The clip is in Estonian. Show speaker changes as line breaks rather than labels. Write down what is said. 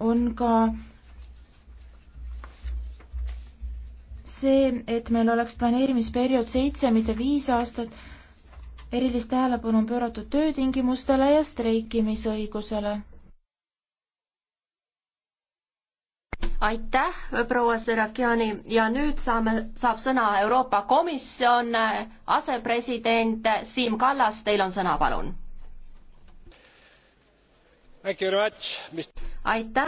on ka see, et meil oleks planeerimisperiood seitse, mitte viis aastat. erilist tähelepanu on pööratud töötingimustele ja streikimisõigusele.
aitäh, proua Serakiani ja nüüd saame, saab sõna Euroopa Komisjon asepresident Siim Kallas, teil on sõna, palun. aitäh,